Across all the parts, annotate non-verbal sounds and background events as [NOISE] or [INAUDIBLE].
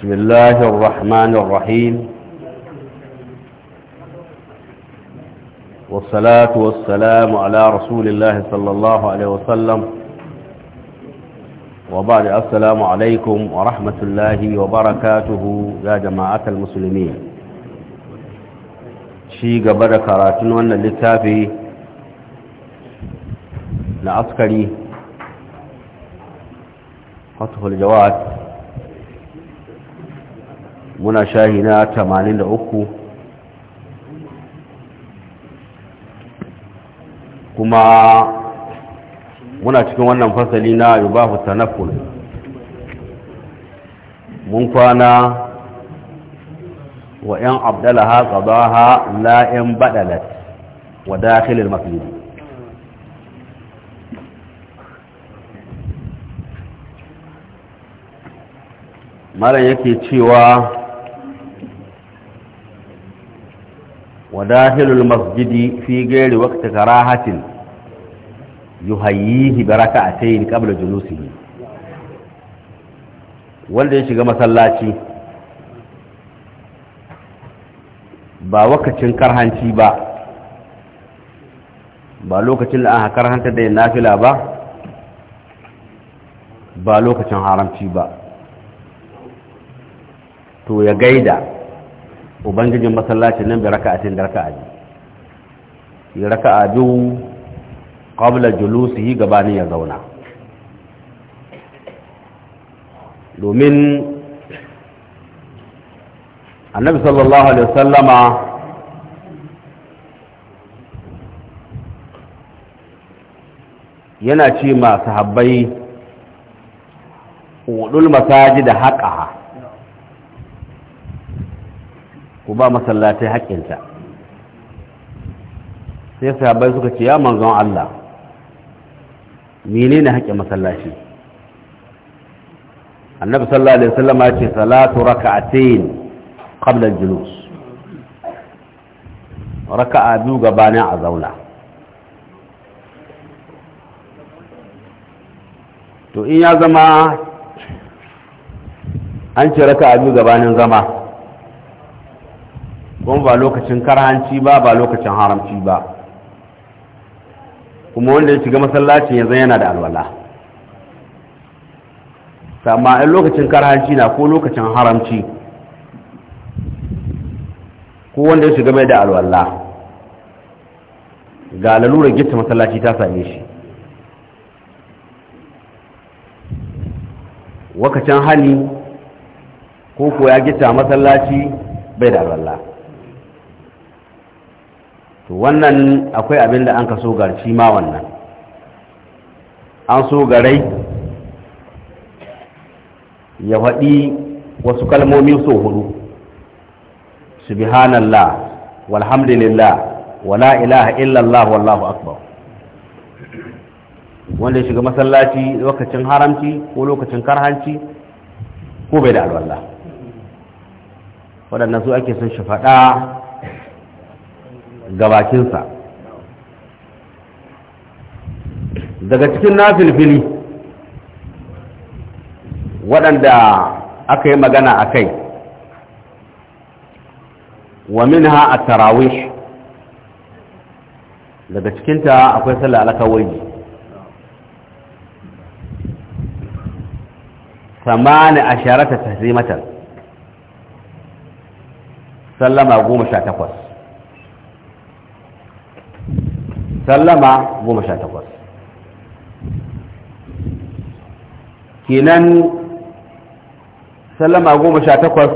بسم الله الرحمن الرحيم والصلاة والسلام على رسول الله صلى الله عليه وسلم وبعد السلام عليكم ورحمة الله وبركاته يا جماعة المسلمين شيء قبل كراتين وانا لتافي لعسكري فتح الجواد muna shahi na 83 kuma muna cikin wannan fasali na yubahu tanakul mun kwana wa ‘yan abdalaha ƙazaha la'in baɗalat wa dakilin mafi malam yake cewa وداخل المسجد في غير وقت كراهة yuhayyihi baraka'atayn qabla julusihi wanda ya shiga masallaci ba wakacin karhanci ba ba lokacin da aka karhanta da nafila ba ba lokacin haramci ba to ya gaida ubangijin masallacin nan bi raka'atin da raka'a biyu raka'a biyu qabla julusihi gabanin ya zauna domin annabi sallallahu alaihi wasallama yana ce ma sahabbai wudul da haƙaha. ku ba masallatai haƙƙinta sai sahabbai suka ce ya manzon Allah menene haƙƙin masallaci annabi sallallahu alaihi wasallam ya ce salatu raka'atayn qabla al-julus raka'a biyu gabanin a zauna to in ya zama an ce raka'a biyu gabanin zama kuma ba lokacin karanci ba ba lokacin haramci ba kuma wanda ya shiga masallacin yanzu yana da alwala amma in lokacin karanci na ko lokacin haramci ko wanda ya shiga bai da alwala ga lalurar gita masallaci ta same shi wakacin hali ko ko ya gita masallaci bai da alwala to wannan akwai abin da an ka so garci ma wannan an so garai ya faɗi wasu kalmomin so hudu subhanallah walhamdulillah wala ilaha illallah wallahu akbar wanda ya shiga masallaci lokacin haramci ko lokacin karhanci ko bai da alwallah waɗannan su ake sun shi faɗa gabakinsa daga cikin nafilfili waɗanda aka yi magana a kai wa minha a tarawih daga cikinta akwai sallah alakawaji samani asharata tahzimatan sallama goma sha takwas sallama goma sha takwas kenan sallama goma sha takwas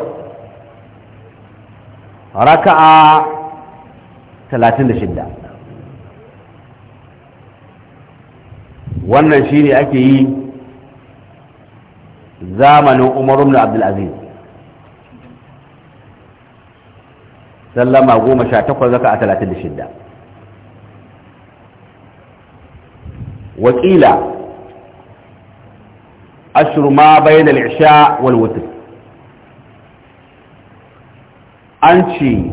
raka'a talatin da shidda wannan shi ne ake yi zamanin umaru na abdulaziz sallama goma sha takwas raka'a talatin da shidda Waƙila ashru ma bayna isha wal witr an ce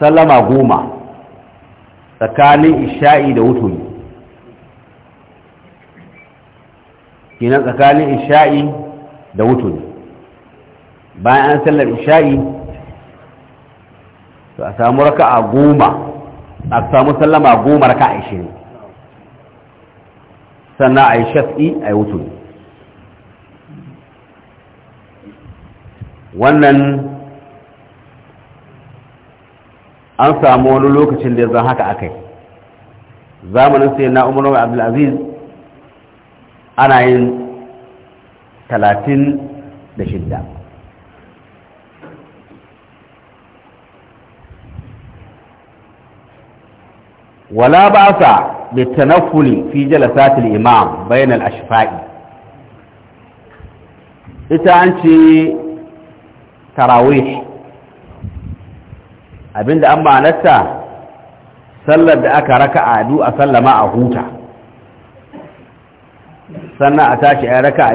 sallama goma tsakanin isha'i da wuturi kinan tsakanin isha'i da wuturi bayan an sallar isha'i to a samu a goma a sallama goma a sannan a yi shafi a yi wuturi wannan an samu wani lokacin da ya zan haka akai zamanin sai na umaru abdulaziz ana yin talatin da shida. wala ba sa litanafuli في جلسات imam بين الأشفاء ita أنت ce tarawih abinda an صلى sallar da aka raka ما a sallama a huta sannan a tashi ya raka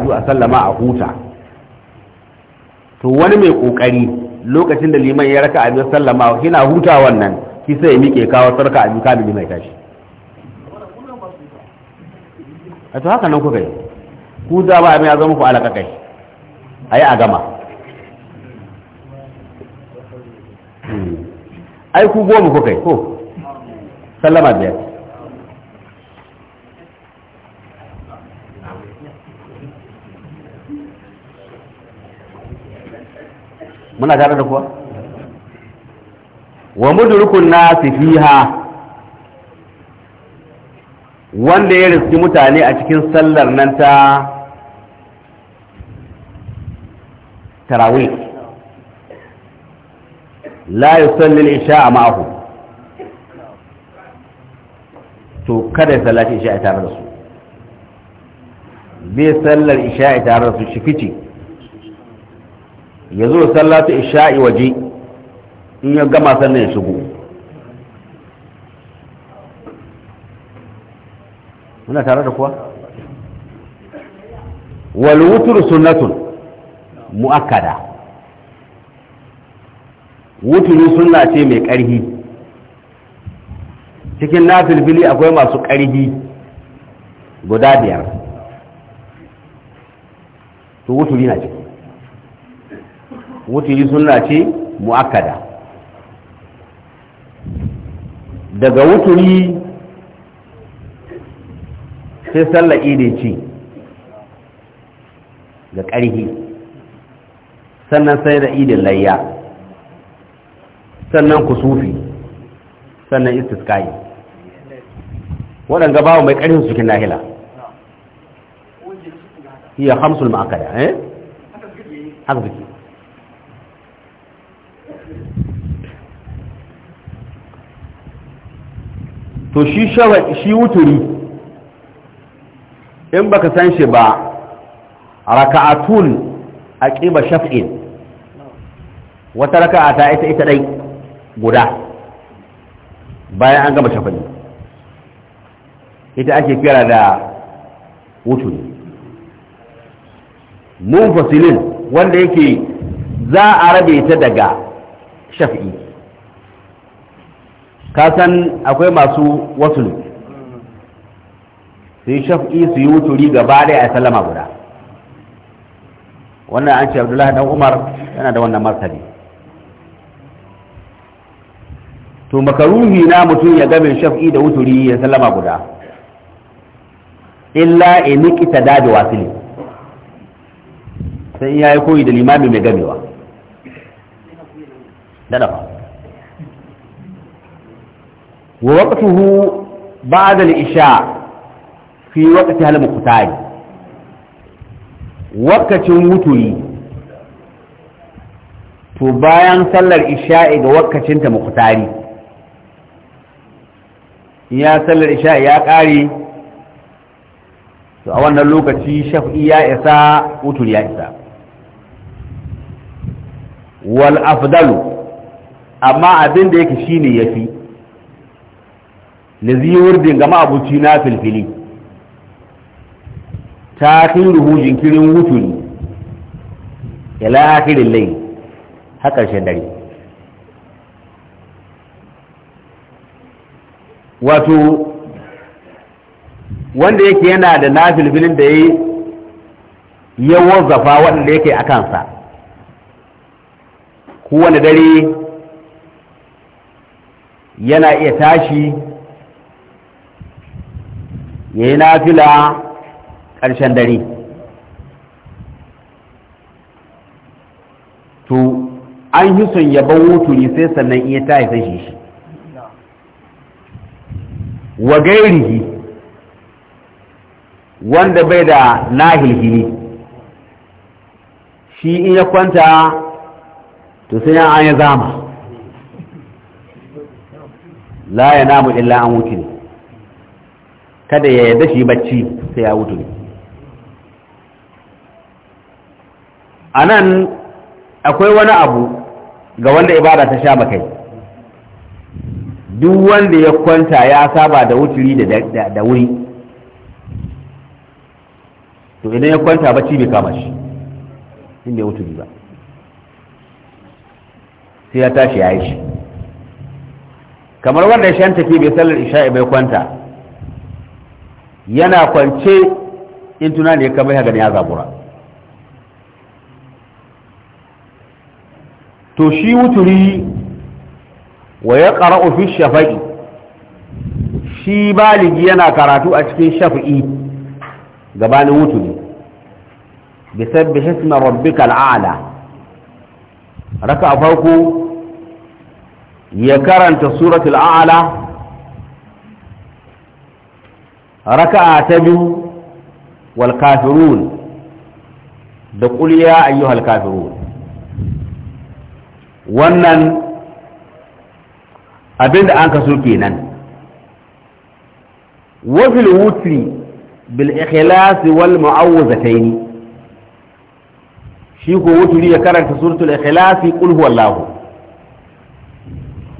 to wani mai kokari lokacin da liman ya raka abin sallama hina huta wannan kisa ya mike kawo sarka abin kamili mai tashi a to haka nan kuka yi ku za ba abin ya zama ku alaka kai a yi a gama hmm. ai ku goma kuka yi ko sallama biyar muna tare da kuwa wa mudurukun nasi fiha wanda ya riski mutane a cikin sallar nan ta tarawih la yusalli al-isha ma'ahu to kada ya sallaci isha tare da su zai sallar isha tare da su shi fice ya zo sallatu isha waje in ya gama sannan ya shigo muna tare da kuwa wal wutr sunnatun muakkada wuturi sunna ce mai ƙarfi cikin nafil fili akwai masu ƙarfi guda biyar to wuturi na ce wuturi sunna ce muakkada daga wuturi sai sallah idi ce ga ƙarhi sannan sai da idin layya sannan kusufi sannan istiskai waɗanda bawa mai ƙarfin cikin nahila iya hamsul ma'akada eh haka suke to shi shi wuturi in ba ka san shi ba raka'atun aqiba shaf'in wata raka'a ta ita ita dai guda bayan an gama shafin ita ake kira da Mun fasilin wanda yake za a rabe ta daga shafi Ka san akwai masu wasu sai shafi su yi wuturi gaba da ya sallama guda wannan an ce abdullahi dan umar yana da wannan martani to makaruhi na mutum ya gamin shafi da wuturi ya sallama guda illa in nikita da wasili sai ya yi koyi da limami mai gamewa da dafa wa waqtuhu ba'da al-isha' fi wakati hal muqtari wakacin wuturi to bayan sallar isha'i ga wakacinta ta ya sallar isha'i ya kare to a wannan lokaci shaf'i ya isa wuturi ya isa wal afdalu amma abin da yake shine yafi lazi wurdin ga ma'abuci na filfili tasiruhu jinkirin wuturi ila akirin lai har ƙarshen dare wato wanda yake yana da nafilfilin da ya ya wazzafa waɗanda yake a kansa kowane dare yana iya tashi ya yi nafila ƙarshen dare to an yi son ya ban sai sannan iya ta haifar shi wa gairihi wanda bai da nahilhili shi in ya kwanta to sai an ya zama la ya namu illa an wuce kada ya yadda shi bacci sai ya wuce a nan akwai wani abu ga wanda ibada ta sha makai duk wanda ya kwanta ya saba da wuturi da wuri to idan ya kwanta bacci bai kama shi in bai wuturi ba sai ya tashi ya yi shi kamar wanda ya shanta ke bai sallar isha'i bai kwanta yana kwance in tunani ya kama ya gani ya zabura to shi wuturi wa ya shafa'i shi baligi yana karatu a cikin shafi'i gabanin wuturi bisabbi hisma rabbika al'ala raka a farko ya karanta suratul a'la raka'a ta biyu wal kafirun da qul ya ayyuhal kafirun wannan abinda an kaso kenan wafil wutri bil ikhlas wal mu'awwazatayn shi ko wutri ya karanta suratul ikhlas qul huwallahu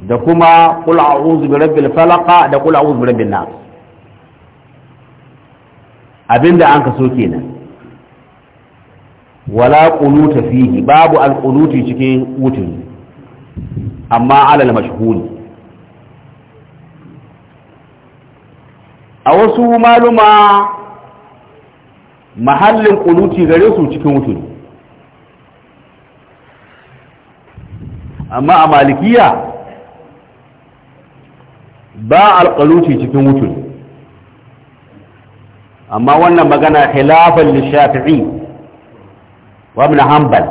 da kuma qul a'udhu bi rabbil falaq da qul a'udhu bi rabbin nas abinda an kaso kenan wala qunuta fihi babu al qunuti cikin wutri amma alal mashhuli a wasu maluma mahallin kuluti gare su cikin wutu amma a malikiya ba alƙaluti cikin wutu amma wannan magana khilafan lishafi'i wa ibn hanbal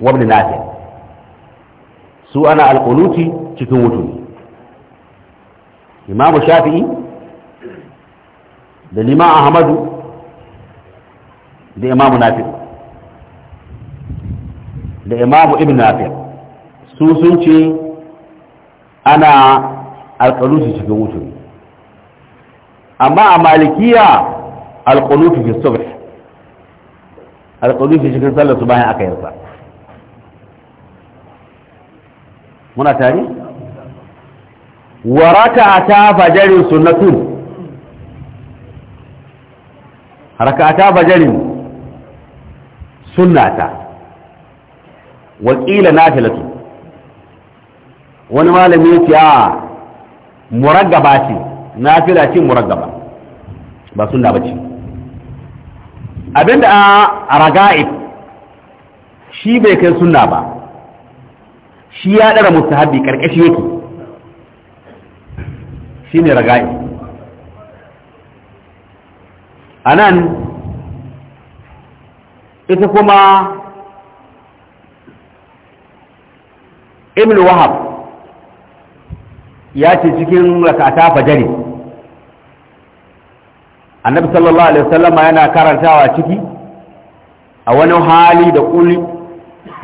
wa ibn nafi' su ana alkunuti cikin wutuni. imamu shafi'i da liman ahmadu da imamu nafi da imamu ibn nafi su sun ce ana alkunuti cikin wutuni. amma a malikiya alkunuti fi subh alkunuti cikin sallar su bayan aka yarsa muna tare wa raka'ata fajarin sunnatun raka'ata fajarin sunnata wa na nafilatu wani malami ya ce a muraggaba ce nafila ce muraggaba ba sunna ba ce. abinda a raga'ib shi bai kai sunna ba shi ya ɗara mustahabi ƙarƙashi yake shi ne raga'i a nan ita kuma ibn wahab ya ce cikin rakata fajari annabi sallallahu alaihi wasallama yana karantawa ciki a wani hali da ƙuli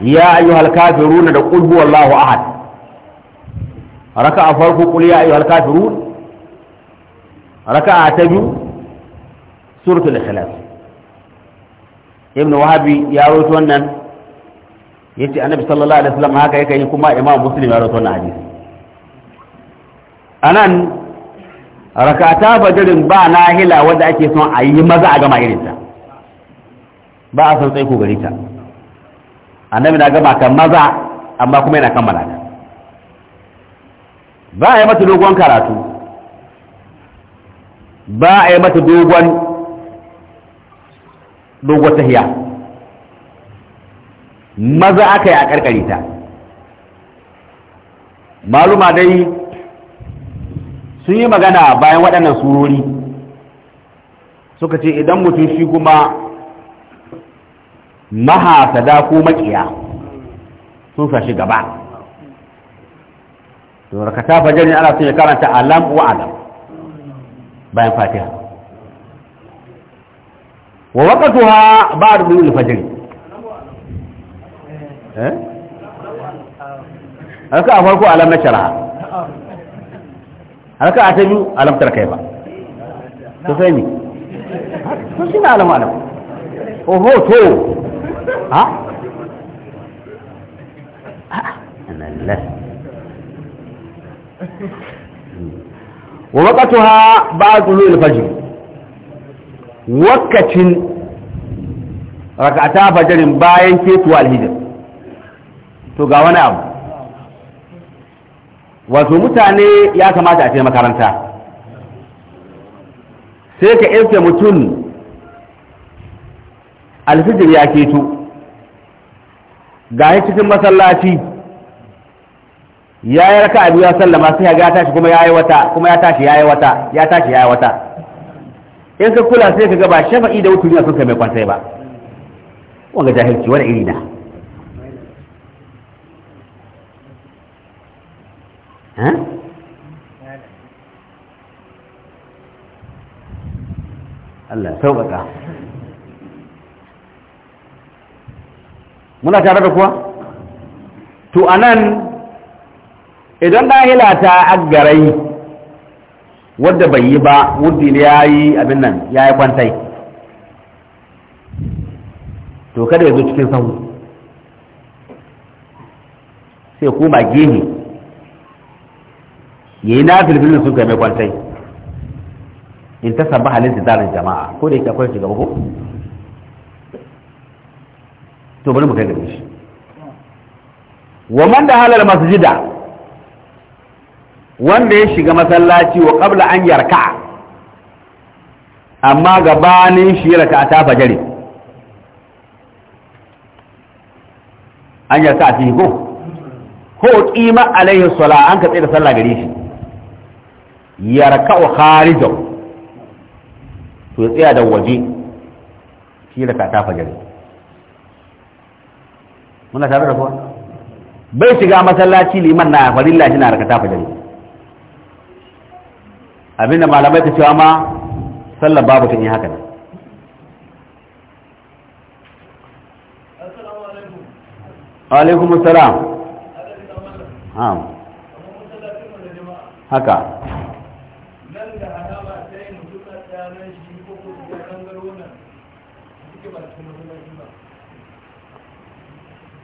ya ayyuhal kafiruna da qul huwallahu ahad raka'a farko qul ya ayyuhal kafirun raka'a ta biyu suratul ikhlas ibn wahabi ya rawaito wannan yace annabi sallallahu alaihi wasallam haka yake yi kuma imam muslim ya rawaito wannan hadisi anan rakata fajrin ba nahila wanda ake son a yi maza a gama irinta ba a san tsaiko gari ta annabi na gama kan maza amma kuma yana kammala malaka ba a yi mata dogon karatu ba a yi mata dogon dogon tahiya maza aka yi a karkare ta maluma dai sun yi magana bayan waɗannan surori suka ce idan mutum shi kuma mahasada ko makiya sun sashi gaba to rakata fajar ne ana son ya karanta alam wa alam bayan fatiha wa waqtuha ba'd min al-fajr eh aka a farko alam na shara, aka a ta biyu alam ba to sai ni sun shi na alam alam oho to ha anallah wa waqtuha ba'd ulul fajr waqatin rak'ata bayan ketuwa alhijr to ga wani abu wato mutane ya kamata a ce makaranta sai ka irke mutum alfijir ya keto ga cikin masallaci ya yi raka abu ya sallama sai ga tashi kuma ya yi wata kuma ya tashi ya yi wata ya tashi ya yi wata in ka kula sai ka gaba shafa'i da wuturi sun kai mai kwantai ba wanga jahilci wani iri na Allah sauƙaƙa muna tare da kuwa to anan idan dahila ta agarai wadda bai yi ba wuddi ne ya yi abin nan ya yi kwantai to kada ya zo cikin sahu sai koma ya yayi na filfilin sun kai mai kwantai in ta sabba halin da jama'a ko da yake akwai shiga ko to bari mu kai gare shi wa man da halal masjida wanda ya shiga masallaci wa qabla an yarka amma gabanin shi raka ta fajare an yarka fi ko ko qima alaihi sala an ka tsaye da sallah gare shi yarka wa kharijahu to ya tsaya da waje shi raka ta fajare muna tare da kuwa bai shiga masallaci liman na farilla shi na rakata fajari abinda malamai ta cewa ma sallar babu ta yi haka nan alaikum salam haka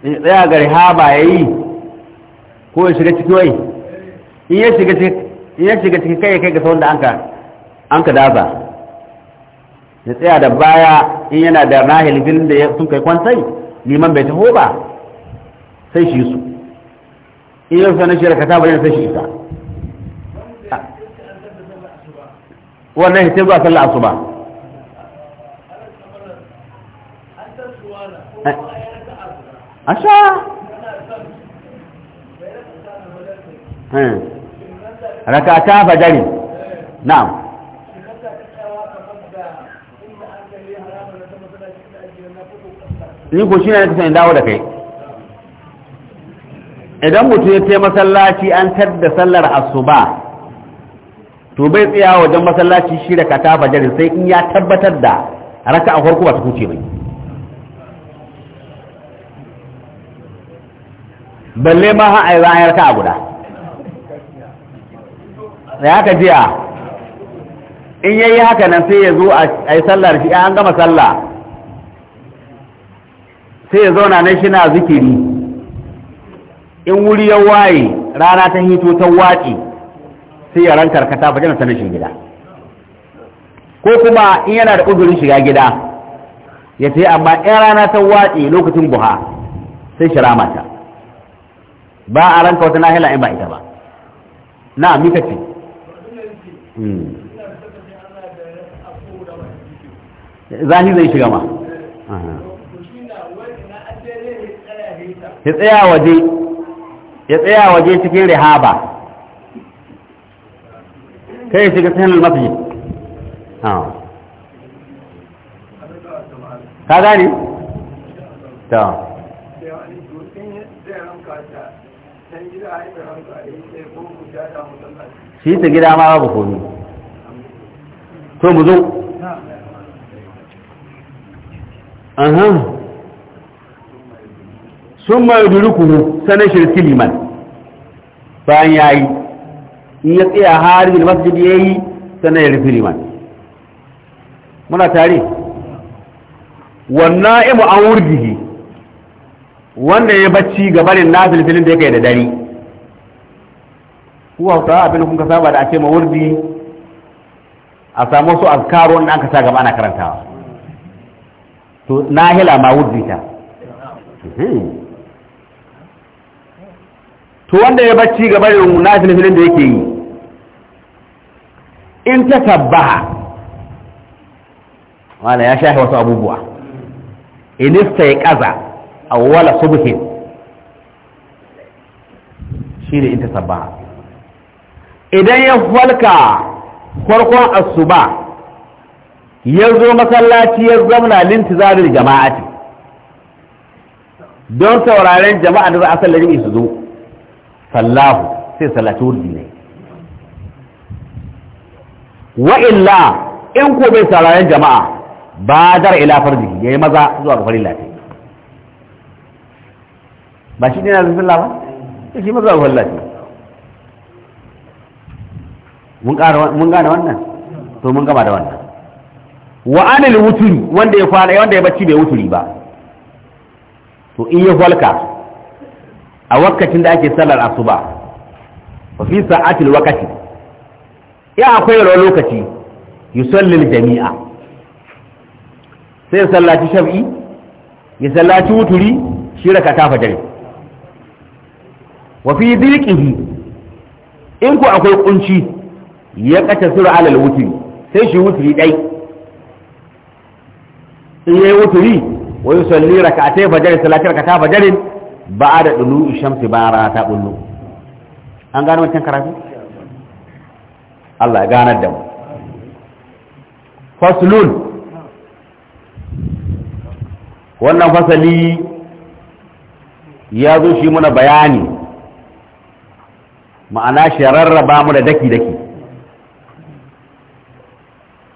in tsaya ha ba ya yi ko ya shiga ciki wai in ya shiga ciki kai kai ga sauran da an ka daza ya tsaya da baya in yana da rahil filin da sun kai kwantai liman bai taho ba sai shi su in yau sanar shi rakata bayan sai shi isa wannan hitin ba sallah asuba a sha hmm. ta fajari na'am ni ko shi ne ka sani dawo da kai idan mutum ya ce masallaci an tar da sallar asuba to bai tsaya wajen masallaci shi raka ta fajar sai in ya tabbatar da raka a farko ba ta kuce mai. balle ma ha a yi ranar ka guda da haka jiya in yayi haka nan sai ya zo a yi sallar shi an gama sallah sai ya zauna nan shi na zikiri in wuri ya waye rana ta hito ta waƙi sai ya rankar kata ba jana sanar gida ko kuma in yana da uzurin shiga gida ya ce amma in rana ta waƙi lokacin buha sai shi ta. ba a ranka wata nahila in ba ita ba na mika ce hmm. zani zai shiga ma ya tsaya waje ya tsaya waje cikin rihaba kai ya shiga cikin mafi ka gani? ta shi ta gida ma babu komi to mu zo aha sun ma yudurukuhu sanar shirki liman bayan ya yi in ya tsaya har bil masjid ya yi sanar ya rufi liman muna tare wannan imu an wurgihi Wannan ya bacci gabanin na filfilin da ya kai da dare ku hausawa abin kun ka saba da ake ma wurdi a samu su azkaru wanda an ka sa gaba ana karantawa to nahila ma wurdi ta to wanda ya bacci gaba da na filin da yake yi in ta tabba wala ya shafe wasu abubuwa inista ya kaza a wala subuhin shi ne in ta tabba idan ya falka farkon asuba ya zo masallaci ya zamna lintizarin jama'ati don sauraren jama'a da za a sallari su zo sallahu sai salatu wurdi ne Wa illa in ko bai sauraren jama'a ba dar ila farji ya yi maza zuwa ga farilla ce ba shi ne na zafin labar? shi maza ga farilla ce mun gane wannan to mun gama da wannan wa anil wuturi wanda ya kwana wanda ya bacci bai wuturi ba to in ya falka a wakacin da ake sallar asuba wa fi sa'atil waqti ya akwai wani lokaci yusalli jami'a sai sallaci shab'i ya sallaci wuturi shi raka ta fajr wa fi dilqihi in ku akwai kunci ya kace sura alal wutri sai shi wutri dai in yayi wutri wa yusalli rak'atay fajr salati rak'ata fajr ba'da dulu'i shamsi bara ta bullu an gano wancan karatu Allah ya ganar da mu faslun wannan fasali ya zo shi muna bayani ma'ana shi rarraba mu da daki-daki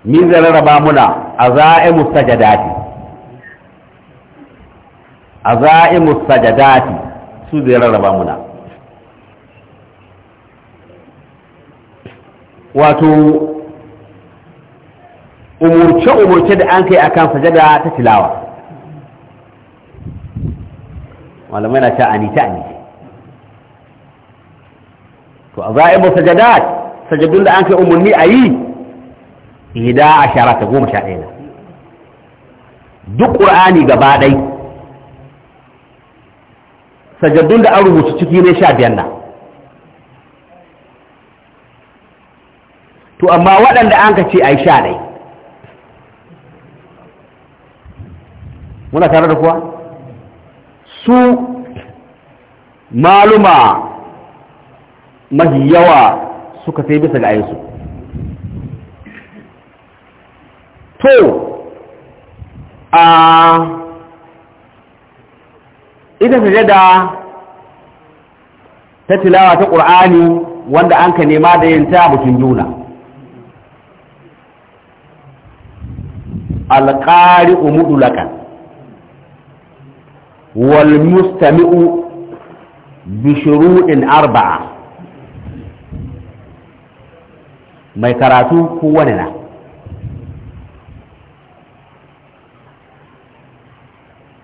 ni zai rarraba muna a za'imu sajadati a za'imu sajadati su zai rarraba muna wato umurce-umurce da an kai a kan sajada ta tilawa malamai na ta anita anita to a za'imu sajadati sajadun da an kai umarni a yi ida a shara ta goma sha ɗaya duk ƙur'ani gaba ɗai sajaddun da an rubutu ciki ne sha biyar na to amma waɗanda an ka ce a yi sha ɗai muna tare da kuwa su maluma mahi yawa suka sai bisa ga ayinsu to a ita sujada ta tilawa ta ƙur'ani wanda an ka nema da yin ta bukin juna alƙari umudu lakan wal mustami'u bi shuru'in arba'a mai karatu kowane na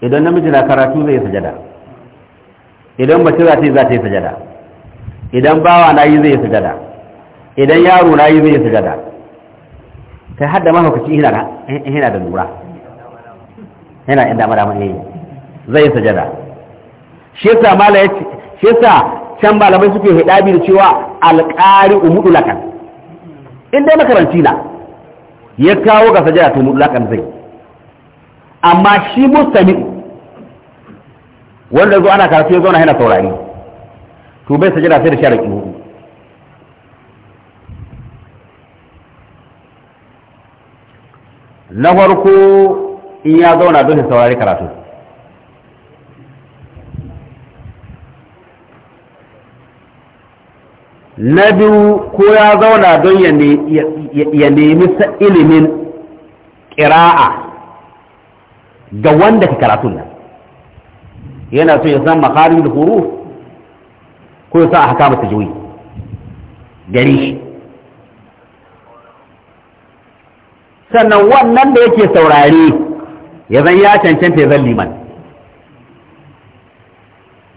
idan namiji na karatu zai yi sajada idan mace za ta yi za ta yi sajada idan bawa na yi zai yi sajada idan yaro na yi zai yi sajada kai har da mahaukaci yana da lura yana inda mara mai yi zai yi sajada shi yasa mala shi yasa can malamai suke hidabi da cewa alƙari umudu lakan in dai makaranci na ya kawo ga sajada to mudu lakan zai amma shi mustami wanda zo ana karatu ya zauna yana saurari to bai sajada sai da sharaki hudu na farko in ya zauna don saurari karatu na biyu ko ya zauna don ya nemi ilimin ƙira'a ga wanda ke karatun nan yana so ya san makarin da huru ko ya sa a haka masa jiwi gari sannan wannan da yake saurari ya zan ya cancanta ya zan liman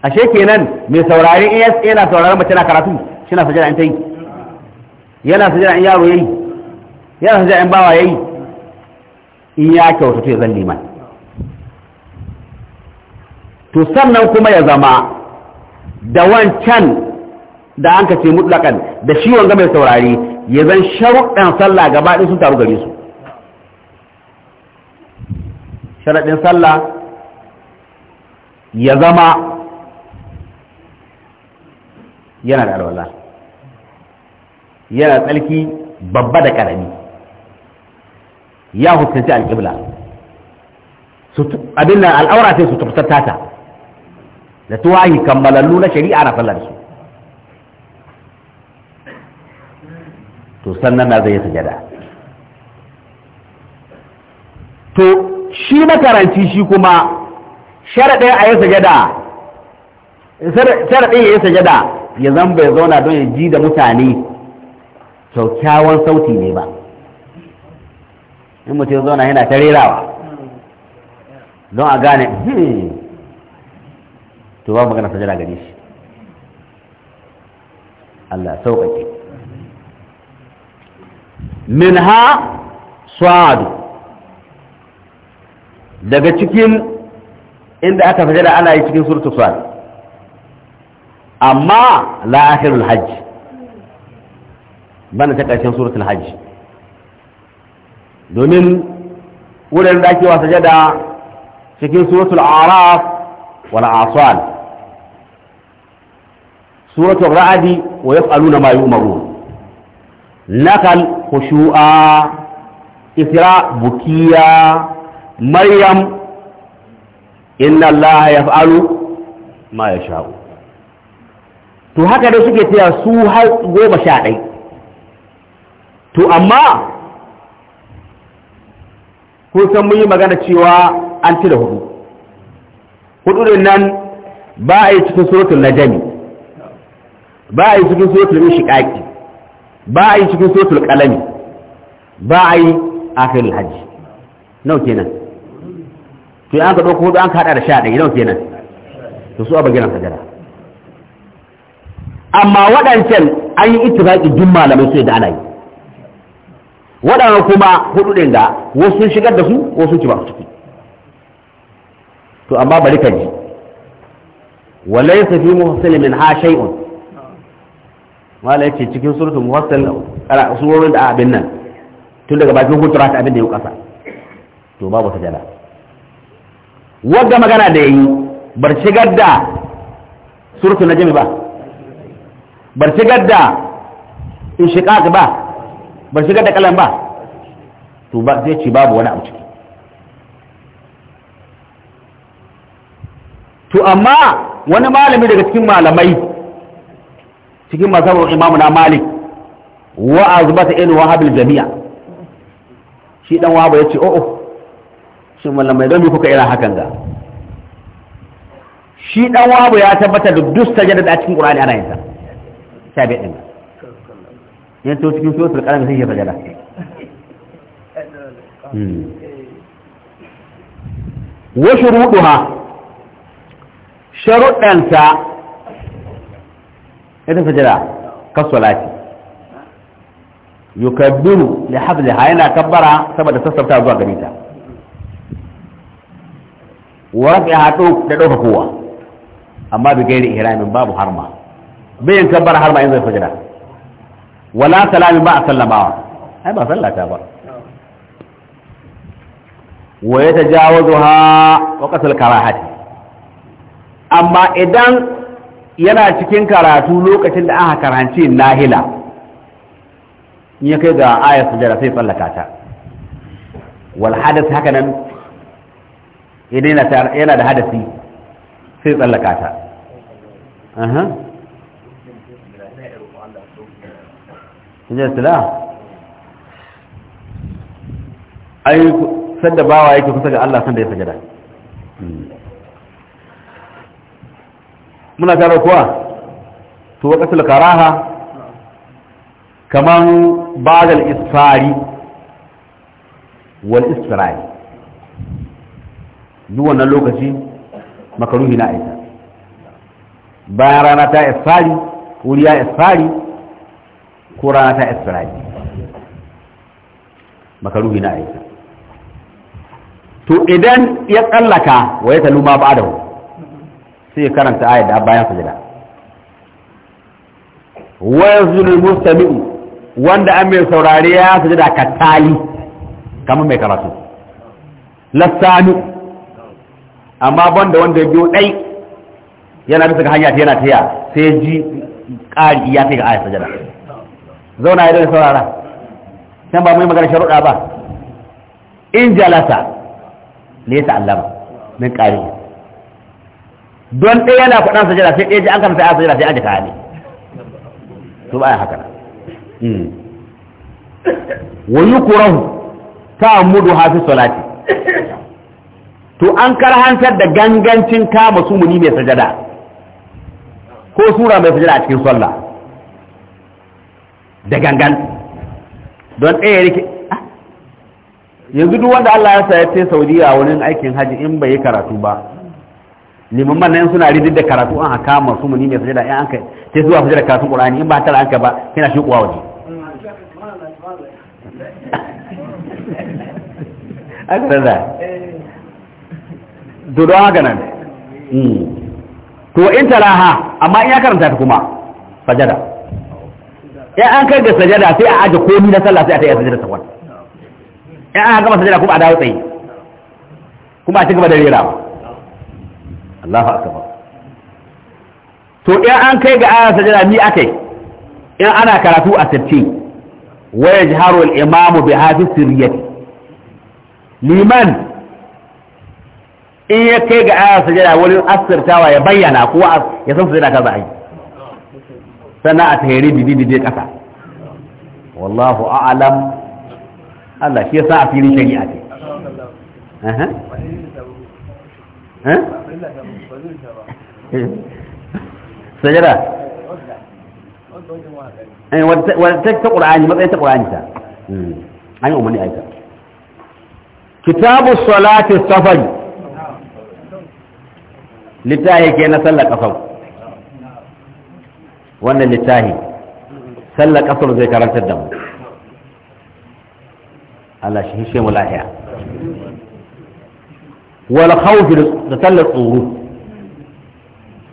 ashe kenan mai saurari in yana saurari mace na karatu shi na sajada in ta yi yana sajada in yaro ya yi yana sajada in bawa ya yi in ya kyautatu ya zan liman to sannan kuma ya zama da wancan da an ka ce mutlakan da shi wanga mai saurari ya zan sharuɗan sallah gaba ɗin sun taru gare su sharaɗin sallah ya zama yana da alwala yana tsarki babba da ƙarami ya huskanci alƙibla abin da al'aura sai su tafsar tata da tuwahi kammalallu na shari'a na sallar shi to sannan na zai sujada to shi makaranci shi kuma sharaɗe a yi sujada sharaɗe ya yi sujada ya zan bai zauna don ya ji da mutane kyakkyawan sauti ne ba in mutum zauna yana ta don a gane hmm to ba magana sajada gare shi Allah sauƙaƙe min ha swadu daga cikin inda aka sajada ana yi cikin surtu swadu amma la'akhirul hajj bana ta ƙarshen suratul hajj domin wurin da ake wa sajada cikin suratul araf wal aswal suratun ra'adi wa yaf'aluna ma yu'marun nakal khushu'a isra bukiya maryam inna allaha yaf'alu ma yasha'u to haka da suke taya su har goma sha ɗai to amma kun san mun yi magana cewa an ci da hudu hudu nan ba a yi cikin suratun najmi ba a yi cikin mishi mishiqaqi ba a yi cikin sotul qalami ba a yi akhirul hajji nau kenan to an ka dauko hudu an ka hada da sha ɗaya nau kenan to su a bagiran hajjara amma waɗancan an yi ittifaqi duk malamai su da ana yi waɗannan kuma hudu ɗin da wasu sun shigar da su wasu ci ba su ciki to amma bari ka ji walaysa fi muhsin ha shay'un wala yake cikin suratul muwassal surorin da abin nan tun daga bakin hutura ta abin da ya kasa to babu sajada Wanda magana da yayi bar shigar da suratul najmi ba bar shigar da inshiqaq ba bar shigar da kalam ba to ba zai ci babu wani abu ciki to amma wani malami daga cikin malamai cikin mazhabar imamu na malik wa azbata in wahabil jami'a shi dan wahaba yace o'o oh, oh, shin mallamai don me kuka ira hakan ga shi dan wahaba ya tabbata da duk sajada da cikin qur'ani ana yin sa sabai din yan to cikin suratul qalam sai ya sajada hmm. wa shuruduha sharuɗansa irin sujada kasolati yukabbiru li hafziha yana kabbara saboda sassafta zuwa gare ta wa rafi'a da dauka kowa amma bi gairi ihramin babu harma bayan kabbara harma in zai sujada wala salamin ba sallama sallamawa ai ba sallata ba wa ya wa qasal karahati amma idan yana cikin karatu lokacin da aka karanci nahila in ya kai ga ayat sujada sai tsallaka ta wal hadath haka nan idan yana da hadasi sai tsallaka ta aha sujada sala ai sanda bawa yake kusa ga Allah sanda ya sajada muna tare kuwa to wa kasul karaha kaman ba'dal isfari wal isfari Ni wannan lokaci makaruhi na aita bayan rana ta isfari wuri ya isfari ko rana ta isfari makaruhi na aita to idan ya tsallaka wa ya talu ma ba'dahu sai karanta ayat da bayan sujada wa yazulul mustami'u wanda an mai saurare ya sujada ka tali kamar mai karatu lasani amma banda wanda ya biyo dai yana bisa ga hanya ta yana taya sai ji ƙari ya kai ga ayat sujada zauna ya da saurara can ba mai magana sharuda ba in jalasa ne ta allama min ƙari don ɗaya yana faɗan sajada sai ɗaya ji an sai a sajada sai ji kaya ne to ba ya haka hmm. wa ta mudu hafi salati to an karhantar da gangancin kama sumuni mai sajada ko sura mai sajada a cikin sallah da gangan don ɗaya rike ah. yanzu duk wanda Allah ya sa ya ce Saudiya wurin aikin haji in bai yi karatu ba liman nan suna ridin da karatu an haka masu muni ne sujada in an kai sai zuwa sujada karatu qur'ani in ba tara an ka ba kina shi kuwa waje akwai [LAUGHS] da to haka nan mm. to in taraha amma in ya karanta ta kuma sajada in an kai da sajada sai a aje komi na sallah sai a ta yi sajada sakwan in an gama sajada kuma a dawo tsaye kuma a ci gaba da rerawa Allahu akbar to in an kai ga ayar sajada ni akai in ana karatu a sirri wa yajharu al-imamu bi hadhihi sirriyati liman in ya kai ga ayar sajada wani asirtawa ya bayyana ko ya san sajada kaza ai sana a tahiri dididide kasa wallahu a'lam Allah shi yasa a filin shari'a ce Eh? Eh. sajada eh, wadda ta ƙura'ani matsayin ta ƙura'ani ta hmm. an yi umarni aika kitabu Salatu safari littahi ke na sallar ƙasar wannan littahi sallar ƙasar zai karantar da mu Allah shi hishe mu lahiya wal khawf da sallar tsoro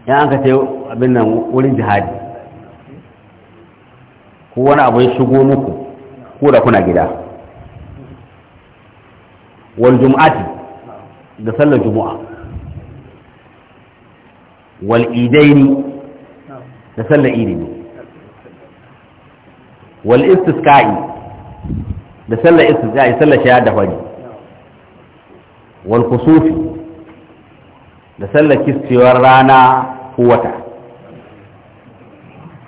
ya an ka ce abin nan wurin jihadi ko wani abu ya shigo muku ko da kuna gida wal jum'ati da sallar jumu'a wal idaini da sallar idini wal istisqa'i da sallar istisqa'i sallar shahada fari wal kusufi da sallar kistewar rana ko wata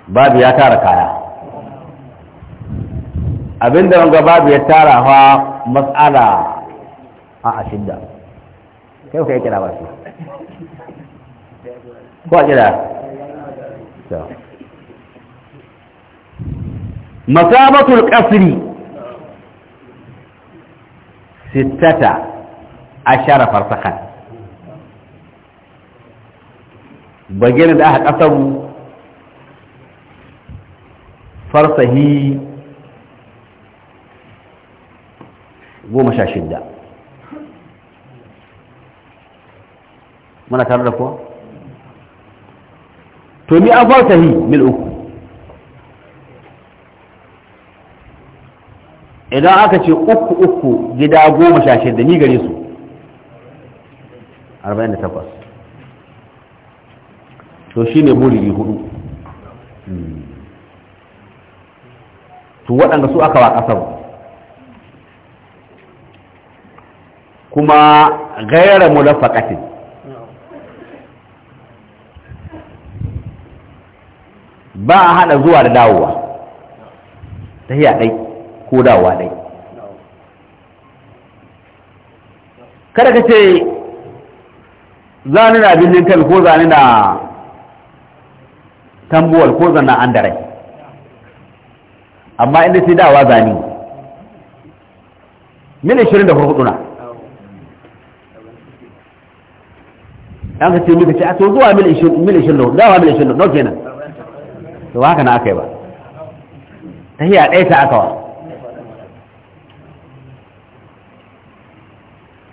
babu ya tara kaya abinda wanga babu ya tara fa mas'ala a ashidda kai kai kira ba shi ko kira to masabatul qasri sittata A ashara farsakan bagina da aka kasaru farsahi goma sha shidda muna tare da kuwa to ni an farsahi mil uku idan aka ce uku uku gida goma sha shidda ni gare su 48 to shi ne muridi hudu to waɗanda su aka wa ƙasar kuma gaira mulafakatin ba a haɗa zuwa da dawowa ta hiya ɗai ko dawowa ɗai kada ka ce zani na birnin tel ko zani na tambuwal ko zani na andarai amma inda sai dawa zani min 24 na hurhuduna yanka ce muka ce a to zuwa mil 24 dawa mil 24 nau kenan to haka na aka yi ba ta hiya ɗaya ta aka wa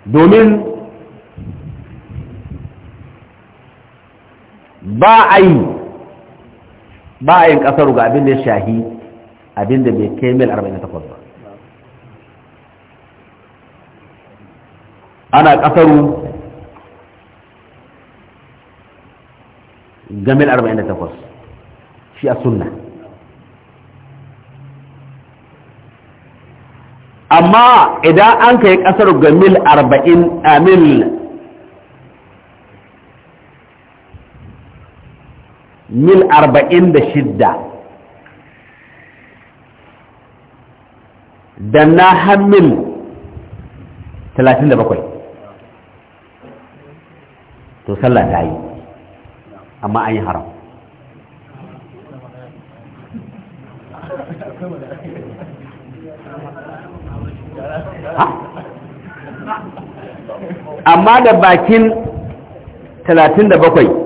domin ba a yi ba a yin kasar ga abin da ya shahi abin da bai kai mil 48 ba ana kasar ga mil 48 shi a sunna amma idan an kai ƙasar ga mil 40 a mil mil arba'in da shidda da na hamil talatin da bakwai to sallah ta yi amma an yi haram amma da bakin talatin da bakwai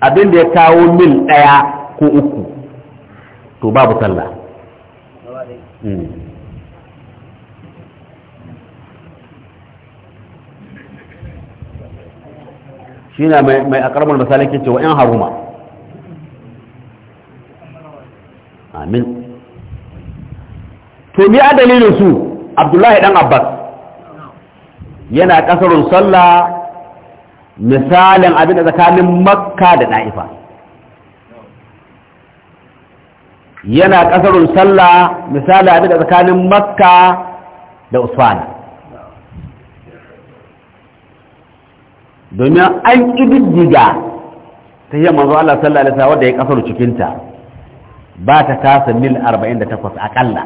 abin da ya kawo mil ɗaya ko uku to babu sallah hmm. shi na mai akaramar misali ke cewa 'yan haruma amin to ni a dalilin su abdullahi dan abbas yana kasarun sallah misalin abin da tsakanin makka da na'ifa yana ƙasarun sallah misalin abin da tsakanin makka da usfana domin an ƙididdiga ta yi manzo Allah sallallahu alaihi wadda ya ƙasar cikinta ba ta kasa mil 48 aƙalla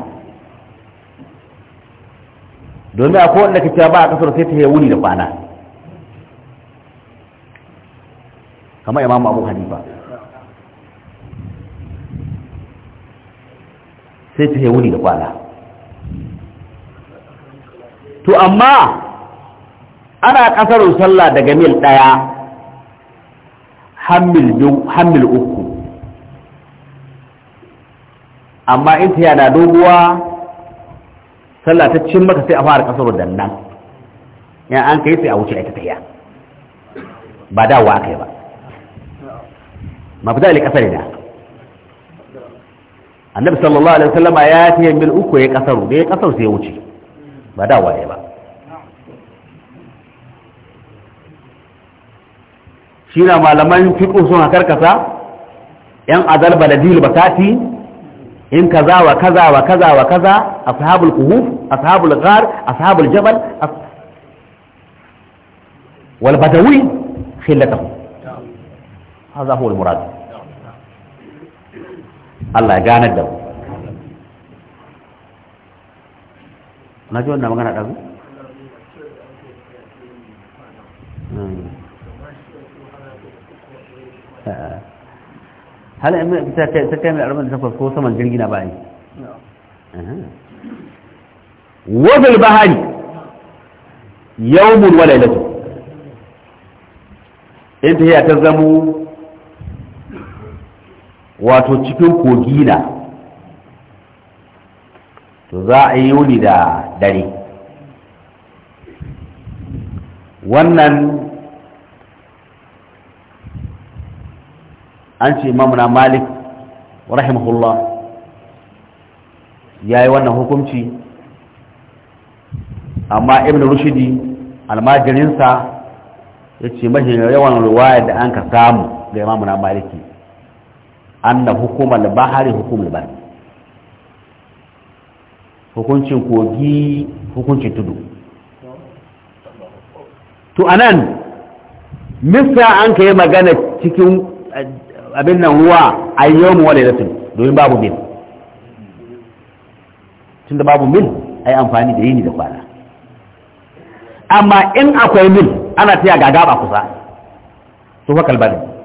domin akwai wanda ka cewa ba a ƙasar sai ta yi wuni da kwana kamar imam abu hanifa sai ta yi wuni da kwana to amma ana kasar sallah daga mil ɗaya hamil uku amma in ta yana doguwa sallah ta cin maka sai a fara kasar dannan yan an kai sai a wuce ita ta yi ba wa aka yi ba mafita ne kasar da annabi sallallahu alaihi wasallam ya ta yi mil uku ya kasaru da ya kasar sai ya wuce ba da waye ba shi na malaman fiqh sun kasa, yan azal baladil basati in kaza wa kaza wa kaza wa kaza ashabul kuhuf ashabul ghar ashabul jabal wal badawi khillatahum haza huwa murad Allah ya ganar da mu na ji wannan magana ɗazu hal in kai kai mai arba'in takwas ko saman jirgi na bayan wazil bahari yawmun wa ta ta wato cikin kogi na to za a yi wuni da dare wannan an ce mamuna malik rahimahullah ya yi wannan hukunci amma ibn rushidi almajirinsa ya ce mahi yawan ruwayar da an ka samu ga imamuna maliki An na hukuma anna ba bahari hukumar ba hukuncin kogi hukuncin tudu to anan mista an ka yi magana cikin eh, abin nan ruwa a yawon wale da domin babu mil da babu mil a yi amfani da yini da kwana amma in akwai mil ana taya gaga ba kusa to fa kalbarin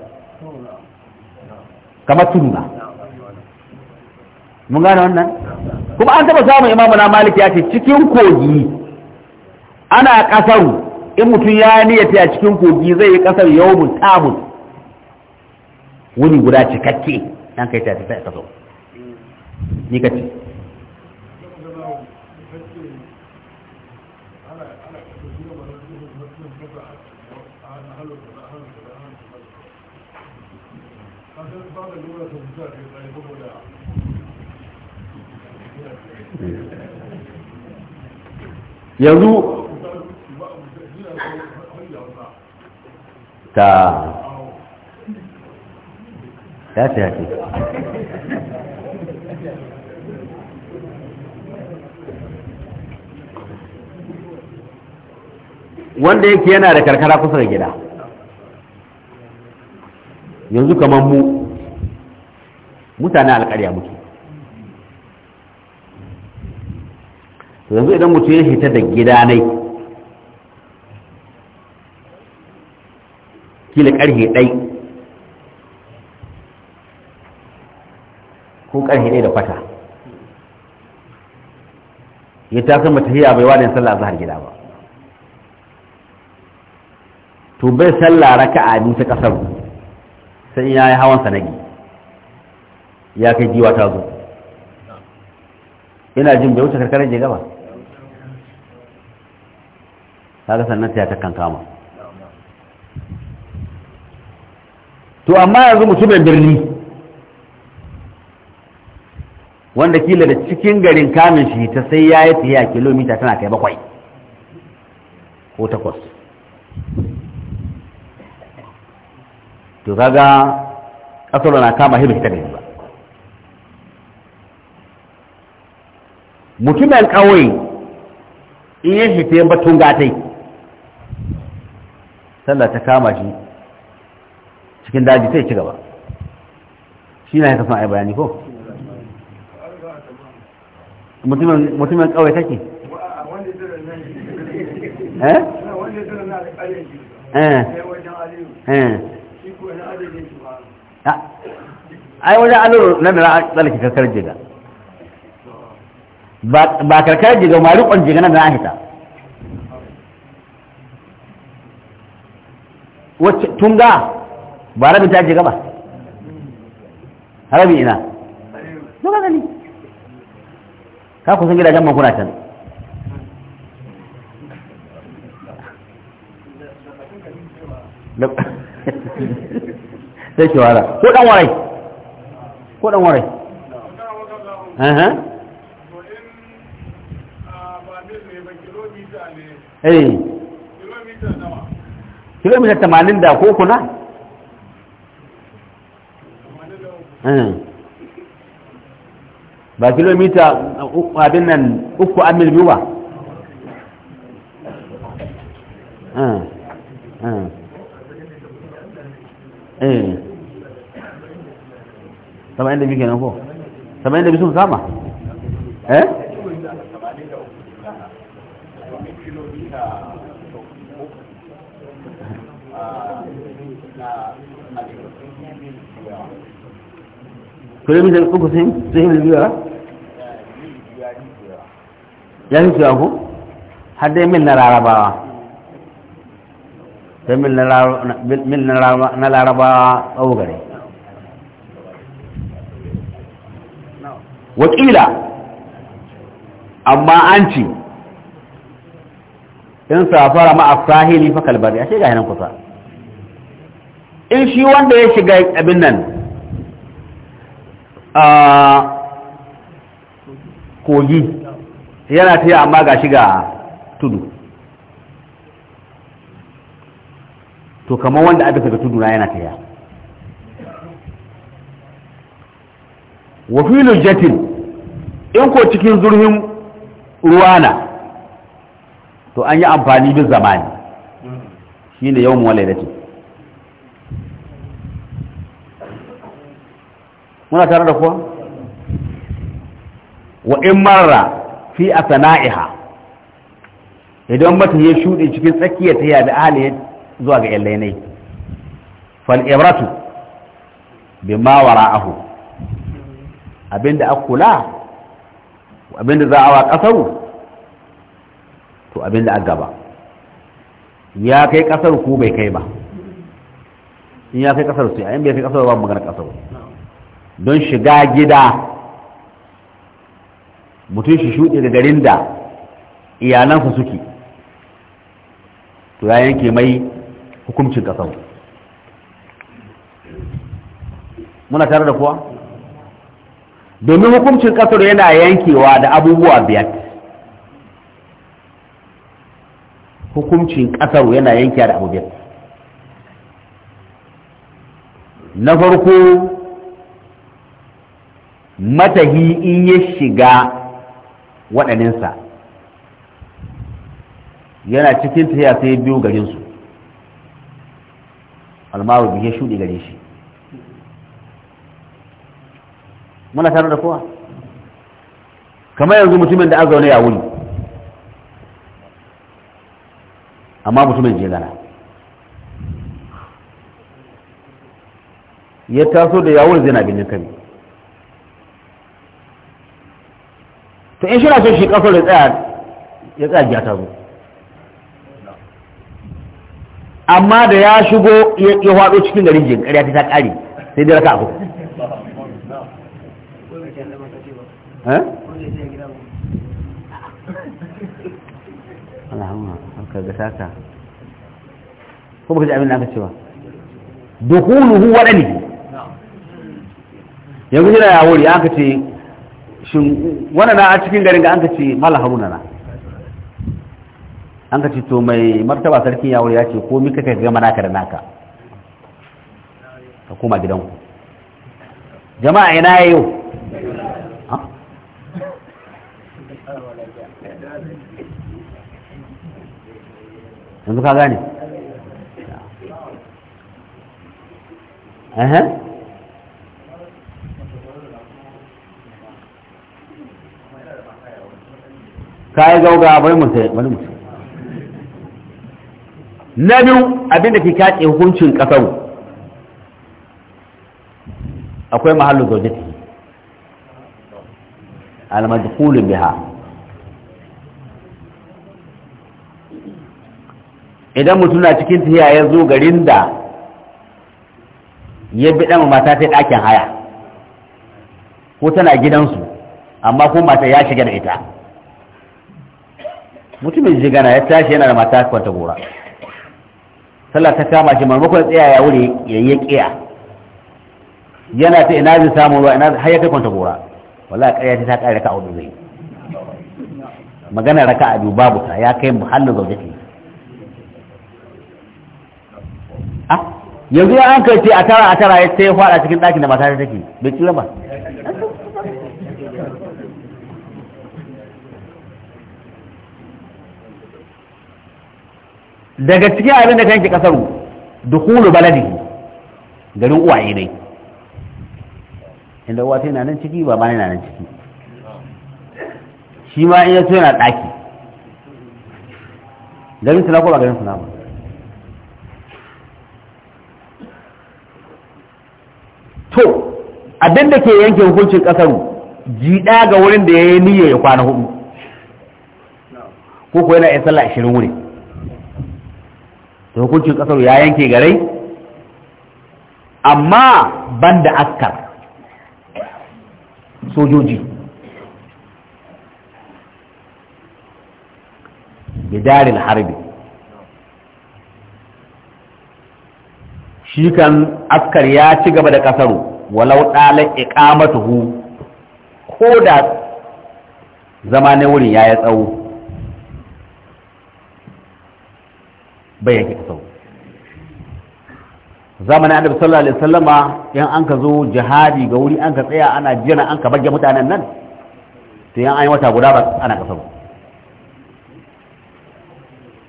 kamar tudu mun gane wannan kuma an taba samun imamu na malik ya ce cikin kogi ana kasaru in mutum ya niyyata a cikin kogi zai yi kasar yawmun tamun wuni guda cikakke dan kai ta ta kasaru ni ka ce yanzu wanda yake yana da karkara kusa da gida yanzu kamar mu mutane alƙarya muke yanzu idan mutum ya fita da gida kila karhe ɗai ko karhe ɗai da kwata ya ta sama tahiya bai wadan sallah zahar gida ba to bai sallah raka'a biyu ta kasar sai ya yi hawan sanagi ya kai giwa ta zo yana jin bai wuce karkarar je gaba kaga sannan ta ta kankama to amma yanzu mutumin birni wanda kila da cikin garin kamin shi ta sai ya yi tafiya kilomita tana kai bakwai ko takwas to kaga kasar na kama hibe ta gari ba mutumin kawai in yi shi ta batun gatai sallah ta kama shi cikin daji sai ci gaba shi na haka san bayani ko mutumin kawai take eh eh, eh. ai wajen aluru na da tsallake karkar jiga ba karkar jiga ma rikon jiga na da na hita wacce tun ga ba rabin ta je gaba rabin ina zuwa gani ka kusan gidajen makuna can sai ke wara ko dan warai ko dan warai eh kilomita nawa kilomita tamanin da ko kuna? Hmm. ba kilomita abin nan uku amil biyu ba hmm. Hmm. Eh. saba'in da biyu kenan ko saba'in da biyu sun sama eh kilomita uku sun sun yi biyuwa ya fi cewa ku har dai mil na larabawa sai min na larabawa tsawo gare wakila amma an ci in safara ma'a sahili fa kalbari a shiga hinan kusa in shi wanda ya shiga abin nan a kogi yana ta yi amma ga shiga tudu to kamar wanda aka daga tudu na yana ta yi wafilin jatin in ko cikin zurhin na, to an yi amfani bin zamani shi ne yawon walaidatu muna tare da kuwa wa in marra fi asana'iha idan mata ya shuɗe cikin tsakiyar ta yabi ahli zuwa ga yallainai fal ibratu bima wara'ahu abinda akula abinda za a wa kasaru to abinda a gaba ya kai kasar ko bai kai ba in ya kai kasar su yayin bai kai kasar ba magana kasar don shiga gida mutum shi shuɗe da garin da iyalansa suke to ya yanke mai hukuncin ƙasar muna tare da kuwa domin hukuncin ƙasar yana yankewa da abubuwa biyar hukuncin ƙasar yana yankewa da abubuwa biyar na farko matahi in ya shiga waɗaninsa yana cikin tafiya sai biyu garinsu almaru biyu ya shudi gare shi muna tare da kowa kamar yanzu mutumin da an zaune ya wuri amma mutumin jelana ya taso da yawon zina ganin kami to in shina son shi kasar ya tsaya ya tsaya amma da ya shigo ya hwado cikin garin jin kariya ta ƙare sai dai raka abu eh? ka ko baka ji abin da aka cewa dukuluhu wadani yanzu yana ya wuri aka ce shin wani a cikin garin ga an ka ce mala haruna na an ka ce to mai martaba sarkin yawo ya ce ko mika kai gama naka da naka ka koma gidanku jama'a ina ya yau yanzu ka gane ka yi gauga bari mu sai bari mu sai na biyu abinda ke kace hukuncin kasau akwai mahallu zaujati al biha idan mutum na cikin tafiya ya zo garin da ya bi ɗan mata ta ɗakin haya ko tana gidansu amma ko mata ya shiga da ita mutumin jigana ya tashi yana da mata kwanta gora sallah ta kama shi maimakon tsaya ya wuri ya yi kiya yana ta ina zai samu ruwa ina har ya kai kwanta gora wallahi ƙarya ta ƙare ka audu zai magana raka a biyu babu ta ya kai muhallin zaujati ah, yanzu ya an kai ce a tara a tara ya sai ya fada cikin ɗakin da mata ta take bai tsira ba daga cikin abin da kanki kasaru dukulu baladi garin uwaye ne inda uwa tana nan ciki baba na nan ciki shi ma in yaso yana daki garin suna ko ba garin suna ba to abin da ke yanke hukuncin kasaru jiɗa ga wurin da ya yi niyyar ya kwana hudu ko ko yana iya sallah ashirin wurin to hukuncin kasar ya yanke garai amma ban da askar sojoji bidarin harbi shi kan askar ya ci gaba da kasaru walau ɗalar ikamatuhu ko da zama na wurin ya yi tsawo bai yake ta sau zamanin annabi sallallahu alaihi wasallama yan an ka zo jihadi ga wuri an ka tsaya ana jira an ka bage mutanen nan to yan an yi wata guda ba ana kasar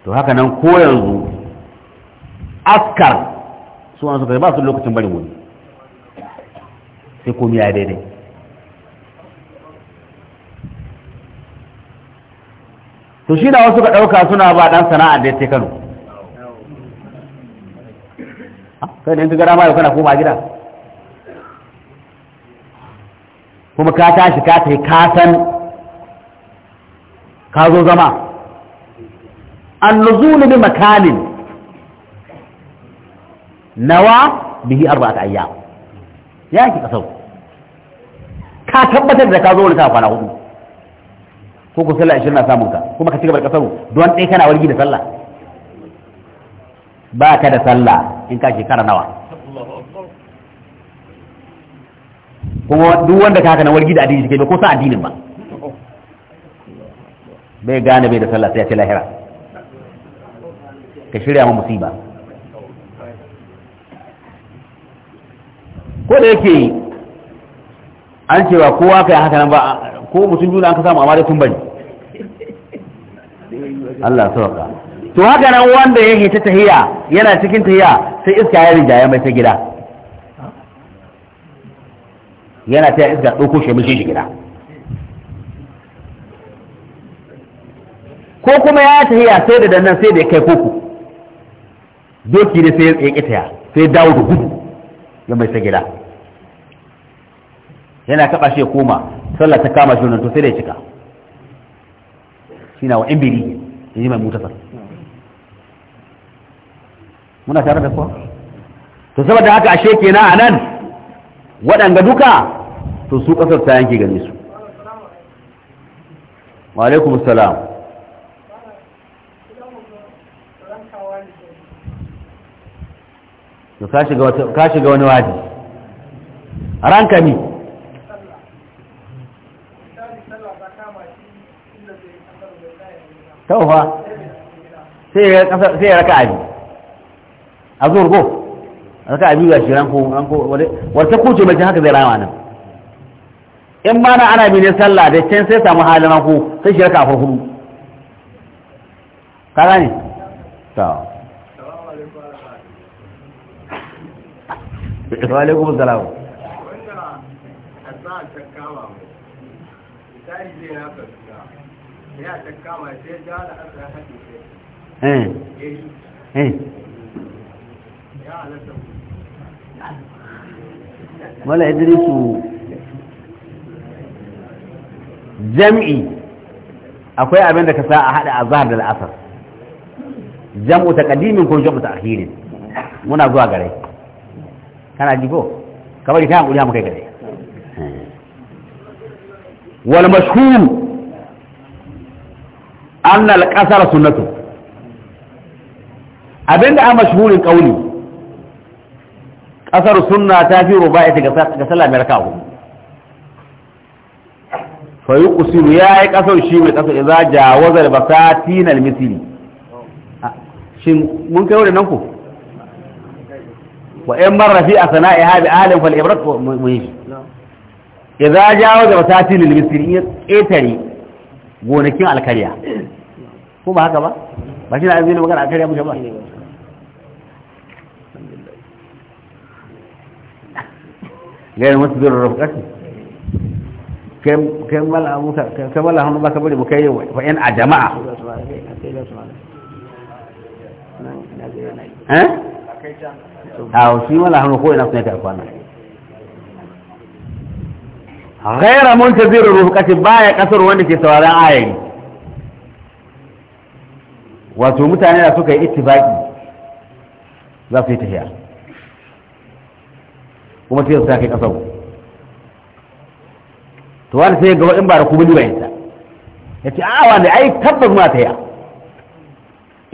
to haka nan ko yanzu askar su an suka ba su lokacin barin wuri sai komi ya daidai to shi da wasu ka ɗauka suna ba ɗan sana'a da ya ce kano kai ne kaga gara ma yau kana koma gida kuma ka tashi ka tai ka san ka zo zama annuzulu bi makalin nawa bihi arba'at ayyam ya ki kasau ka tabbatar da ka zo wani kwana hudu ko ku sallah 20 na samun ka kuma ka cigaba da kasaru don dai kana wargi da sallah ba ka da sallah in ka shekara nawa kuma duk wanda ka kana na wargi da addini shi ko sa addinin ba bai gane bai da sallah sai ya ce lahira ka shirya ma musiba ko da yake an cewa kowa kai haka nan ba ko mutum juna an ka samu amma dai tun bari Allah sauka to haka nan wanda ya hita tahiya yana cikin tahiya sai iska ya rinjaye mai ta gida yana ta iska ɗauko shi mishi shi gida ko kuma ya tahiya sai da dannan sai da ya kai koko doki ne sai ya kitaya sai dawo da gudu ya mai ta gida yana taɓa shi ya koma sallah ta kama shi nan to sai da ya cika shi na wa in ya yi mai mutasar muna tare da kuwa to saboda haka ashe kenan a nan waɗanga duka to su ƙasar ta yanke gani su alaikum salam to ka shiga wani waje ranka ni taufa sai ya raka abi a zuwa ko raka a biyu an shi ranko ranko wata kuce mai haka zai rama nan in ma na ana mini sallah da can sai samu halin ranko sai shi raka a farko ka gane ta wa alaikum salam Eh. Eh. mala idrisu jam'i akwai abin da ka sa a hada azhar da al'asar jam'u taqdimin ko jam'u ta'khirin muna zuwa gare kana ji ko kamar ka hankuli mu kai gare wal mashhur an al-qasar sunnatu abinda a mashhurin kauli asar sunna ta fi ruba'i ga sallah mai raka'a hudu fa yuqsiru ya yi kasar shi mai kasar idza jawaza al-basatin al-misli shin mun kai wannan ku wa in marra fi asna'iha bi alim fal ibrat muhish idza jawaza basatin al-misli etari ƙetare gonakin alkarya ko ba haka ba ba shi na azumi magana alkarya mu ba gairar wasu zuwa rafkati kai mala hannu ba ka bari mu kai wa'in a jama'a a wasu mala hannu ko ina suna ta kwana ghaira rufkati baya kasar wanda ke sauraron ayari wato mutane da suka yi ittifaki za su tafiya kuma sai su kai kasar to wani sai ga in ba da kuma liban ta ya ce a'a wani ai tabbas ma ta ya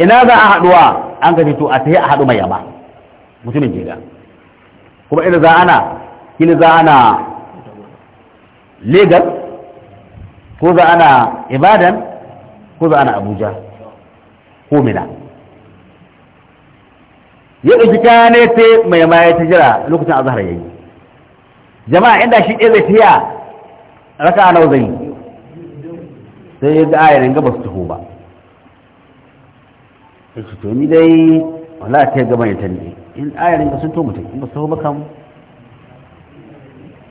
ina za a haɗuwa an gaji to a ta a haɗu mai yaba mutumin jega kuma ina za ana kila za ana legas ko za ana ibadan ko za ana abuja ko mina ya ɗauki kaya ne sai mai maye ta jira lokacin zahar yayi jama'a inda shi ɗaya zai tiya raka a zai sai ya ga ayarin gaba su taho ba Ya su to ni dai wala ta gaba ya tanne in ayarin ga sun to mutum in ba su taho ba kam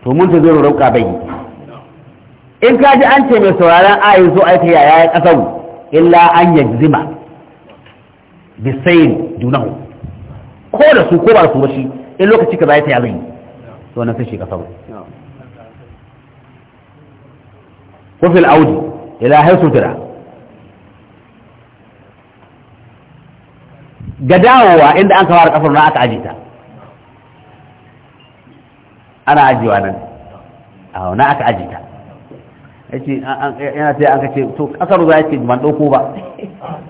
to mun ta zai rauka bai in ka ji an ce mai sauraron ayin so aika yaya ya kasau illa an yanzima bisayin dunahu ko da su ko ba su bashi in lokaci ka zai ta ya zai to wannan sai shi kasa ko fil audi ila haisu tira ga dawowa inda an kawar kafar na aka ajita ana ajiwa nan a na aka ajita yace yana ta an kace to kasar za ya ce ban dauko ba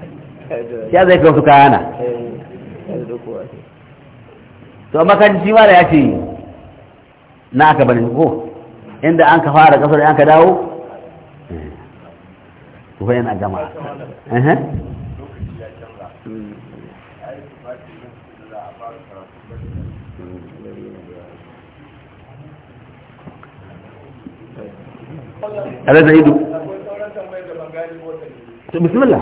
[LAUGHS] ya zai kawo su kayana eh. to makanci ma da ya ce na aka bari ko inda an ka fara kasar an ka dawo kuma eh, yana gama da ido bismillah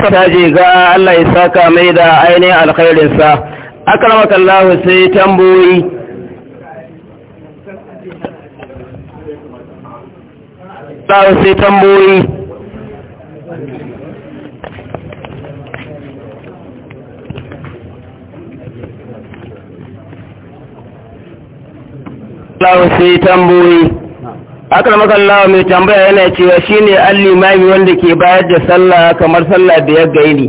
kada ji ga Allah ya saka mai da ainihin alkhairinsa akramakallahu sai tamboyi Allah sai tamboyi Allah sai tamboyi akrama kallah mai tambaya yana cewa ne al limami wanda ke bayar da sallah kamar sallah biyar ga gaini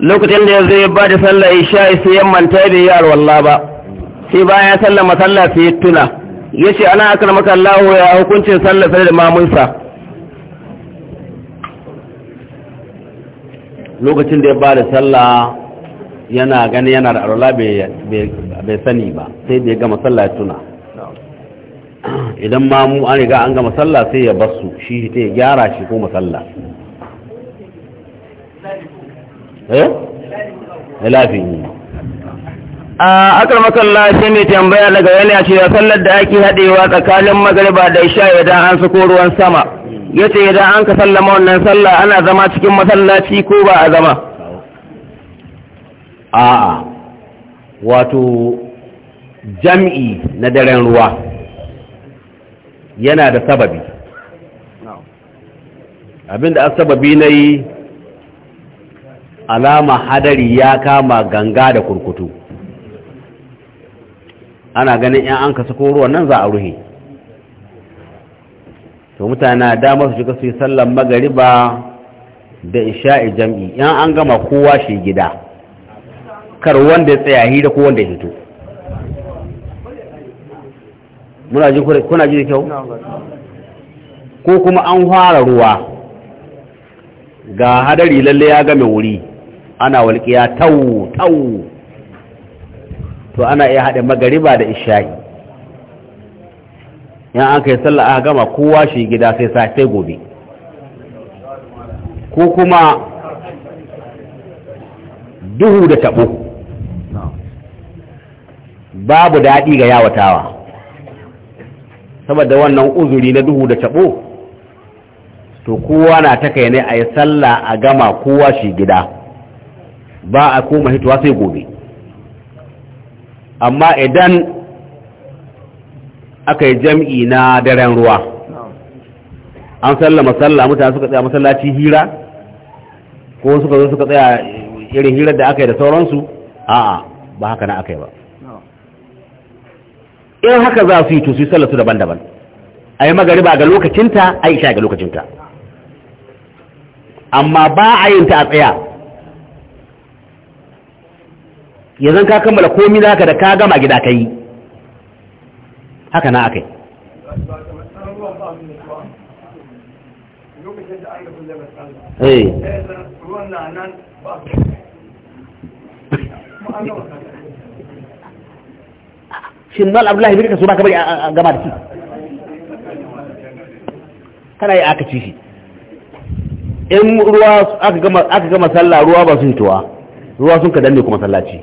lokacin da ya zo ya ba da sallah isha sai ya manta da yi alwallah ba sai bayan sallah masallah sai ya tuna ya ce ana akrama kallah ya hukuncin sallah sai da mamunsa lokacin da ya ba da sallah yana gani yana da alwallah bai sani ba sai da ya gama sallah ya tuna idan ma mu an riga an gama sallah sai ya basu shi ta gyara shi ko masalla eh lafin a akar makalla shi ne tambaya daga yana ce ya sallar da ake haɗewa tsakanin magariba da isha idan an suko ruwan sama ya ce idan an ka sallama wannan sallah ana zama cikin masallaci ko ba a zama a'a wato jam'i na daren ruwa yana da sababi abinda an sababi na yi alama hadari ya kama ganga da kurkutu ana ganin yan an kasu koruwa nan za a ruhe to mutane damar su shiga su yi sallan magariba da isha'i jam'i yan an gama kowa shi gida kar wanda ya tsaya hira ko wanda ya hito muna ji kuna ji da kyau ko kuma an fara ruwa ga hadari lalle ya game wuri ana walƙiya tau tau to ana iya haɗe magariba da isha'i yan an kai sallah aka gama kowa shi gida sai sai gobe ko kuma duhu da taɓo babu daɗi ga yawatawa saboda wannan uzuri na duhu da cabo to kowa na ta kai ne a yi sallah a gama kowa shi gida ba a koma hituwa sai gobe amma idan aka yi jam'i na daren ruwa an sallama sallah mutane suka tsaya masallaci hira ko suka zo suka tsaya irin hirar da aka yi da sauransu a'a ba haka na aka yi ba in haka za su yi to su yi daban-daban a yi magariba ga lokacinta a yi ga lokacinta amma ba a yin ta a tsaya yanzu ka kammala komi za ka da ka gama gida ka yi haka na aka yi Hey. Eh. Eh, shin mal abdullahi bin kasu baka bari a gaba da shi kana yi aka ci shi in ruwa aka gama sallah ruwa ba sun tuwa, ruwa sun ka danne kuma sallaci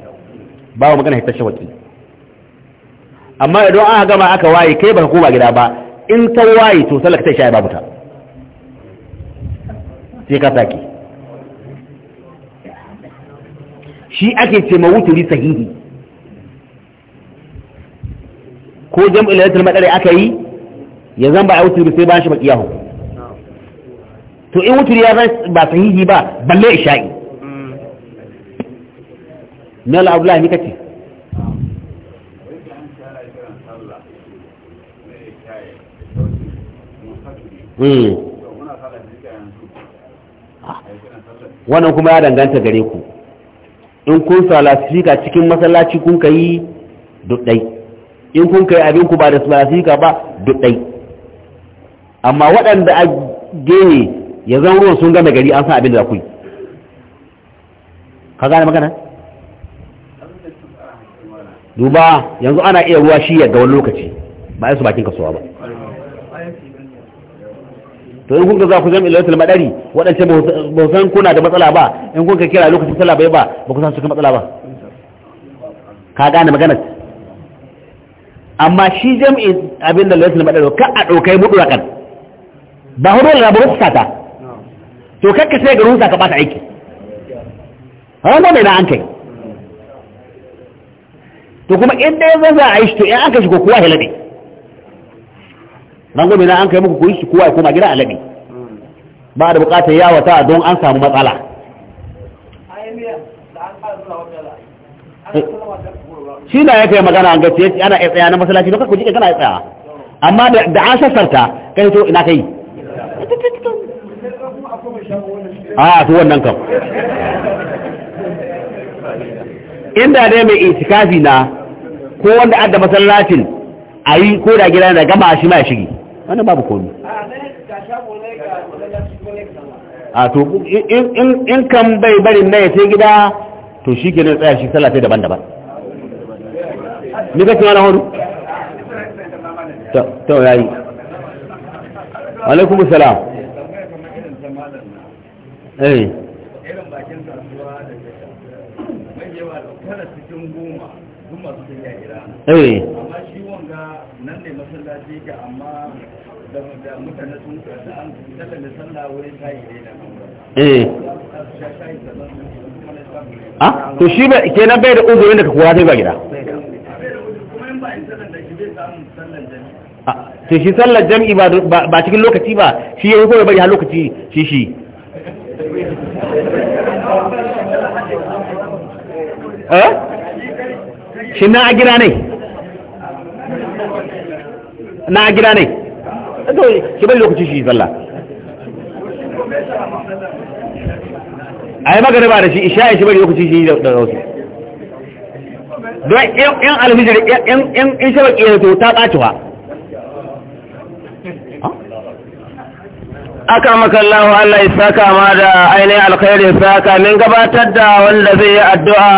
ba magana hitar shawaki amma idan aka gama aka waye kai ba ka koma gida ba in ta waye to sallah ta shaye babu ta sai ka sake shi ake ce mawuturi sahihi ko jam'i lailatul madari aka yi ya zan ba a wuturi sai bayan shi yahu to in wuturi ya zan ba sahihi ba balle isha'i na al'abdullahi ni kace hmm. wannan kuma ya danganta gare ku in kun salasifika cikin masallaci kun ka yi duk dai in kun kai abin ku ba da sulasika ba duk ɗai amma waɗanda a gene ya zan ruwan sun gama gari an san abin da ku yi ka gane magana duba yanzu ana iya ruwa shi ga wani lokaci ba su bakin kasuwa ba to in kun ga za ku zama ilayatul madari waɗance ba san kuna da matsala ba in kun ka kira lokacin sallah bai ba ba ku san su matsala ba ka gane maganar amma shi jam'i abinda lalata maɗa ka a ɗaukai mutu rakan ba hudu da rabu kusata ta to kakka sai ga rufusa ka bata aiki ranar mai na an kai to kuma inda ya zaza a yi shi to in an kai shi ko kowa ya laɗe rangon mai na an kai muku kuyi shi kowa ya koma gida a laɗe ba da bukatar yawata don an samu matsala shi na ya magana an ce ana ya tsaya na masallaci don ku kana ya tsaya amma da an sassarta kai to ina kai a to wannan kam inda dai mai itikafi na ko wanda adda masallacin a yi ko da gida da gama shi ma ya wannan babu komi a to in kan bai barin na ya ce gida to shi ke nan tsaya shi sallah daban-daban ni kake hudu yayi alaikum salam eh eh, eh. a ah, to shi kenan bai da uzurin da ka kura ba gida sai shi sallar jam'i ba cikin lokaci ba shi ya yi kawai bari har lokaci shi shi eh? shi na a gida ne na a gida ne eh to shi bari lokaci shi sallah a yi ba da shi isha'i shi bari lokaci shi yi da wasu don yan alhijir yan shabar ya to ta ɓacewa aka makallahu Allah ya saka ma da ainihin alkhairi saka min gabatar da wanda zai yi addu'a